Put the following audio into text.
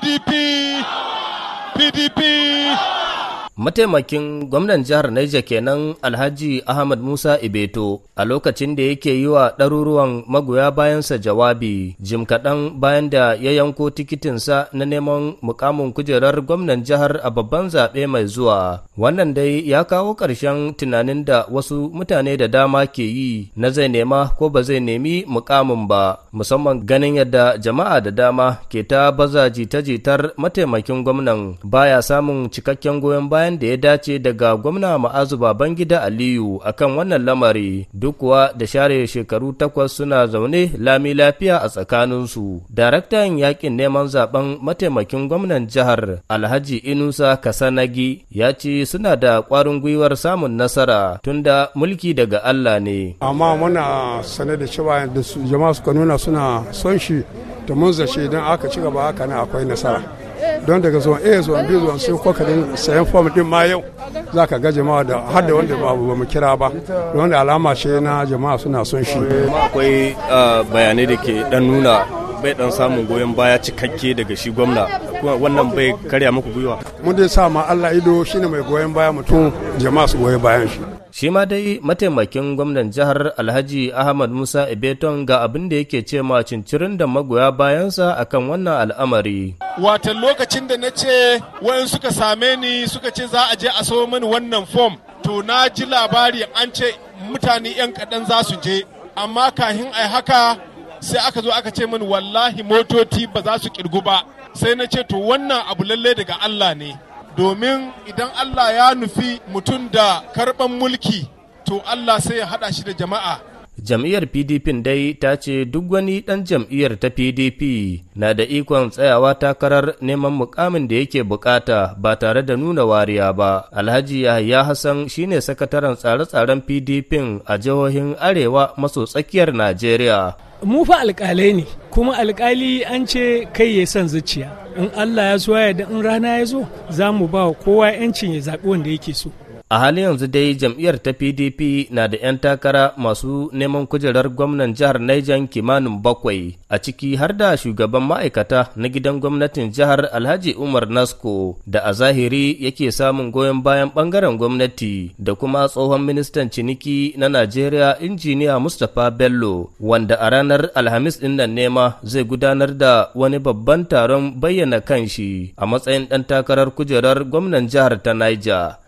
PDP, PDP. Mataimakin gwamnan jihar Niger kenan Alhaji Ahmad Musa Ibeto a lokacin da yake yi wa ɗaruruwan magoya bayansa jawabi jim kaɗan bayan da ya yanko tikitinsa na neman mukamin kujerar gwamnan jihar a babban zaɓe mai zuwa. Wannan dai ya kawo ƙarshen tunanin da wasu mutane da dama ke yi na zai nema ko ba zai nemi mukamin ba musamman ganin yadda jama'a da dama ke ta baza jita-jitar mataimakin gwamnan baya samun cikakken goyon bayan bayan da ya dace daga gwamna ma'azu Babangida Aliyu akan wannan lamari duk kuwa da share shekaru takwas suna zaune lami lafiya a tsakaninsu. Daraktan yakin neman zaben mataimakin gwamnan jihar Alhaji Inusa Kasanagi ya ce suna da kwarin gwiwar samun nasara tunda mulki daga Allah ne. Amma muna sane da cewa da jama'a suka nuna suna son shi ta mun zace aka ci gaba haka ne akwai nasara. don daga zuwan a zuwan b zuwan ko kadin sayan fom din ma yau za ka ga jama'a da har da wanda ba mu kira ba da da alama ce na jama'a suna son shi akwai ah, bayanai da ke dan nuna bai dan samun goyon baya cikakke daga shi gwamna wannan bai karya muku gwiwa mun dai sa ma Allah ido shine mai goyon baya mutum jama'a su goyi bayan shi Shi ma dai mataimakin gwamnan jihar Alhaji Ahmad Musa Ibeton ga abin da yake ce ma cincirin da magoya bayansa akan wannan al'amari. Wata lokacin da na ce wayan suka same ni suka ce za a je a sayo mini wannan fom. To na ji labari an ce mutane 'yan kaɗan za su je. Amma kahin ai haka sai aka zo aka ce mini wallahi motoci ba za su kirgu ba. Sai na ce to wannan abu lallai daga Allah ne. domin idan Allah ya nufi mutum da karɓan mulki to Allah sai ya haɗa shi da jama'a. Jam'iyyar PDP dai ta ce duk wani ɗan jam'iyyar ta PDP na da ikon tsayawa takarar neman mukamin da yake bukata ba tare da nuna wariya ba. Alhaji Yahya Hassan shine sakataren tsare-tsaren PDP a jihohin Arewa maso tsakiyar Najeriya. Mu fa alƙalai ne, kuma alƙali an ce kai ya son zuciya. in allah ya so ya in rana ya zo za mu ba wa kowa 'yancin ya zaɓi wanda yake so A halin yanzu dai jam'iyyar ta PDP na da 'yan takara masu neman kujerar gwamnan jihar Niger kimanin bakwai, a ciki har da shugaban ma'aikata na gidan gwamnatin jihar Alhaji Umar Nasko da a zahiri yake samun goyon bayan bangaren gwamnati da kuma tsohon ministan ciniki na Najeriya injiniya Mustapha Bello wanda a ranar Alhamis din nan nema zai gudanar da wani babban taron bayyana kanshi a matsayin ɗan takarar kujerar gwamnan jihar ta Niger.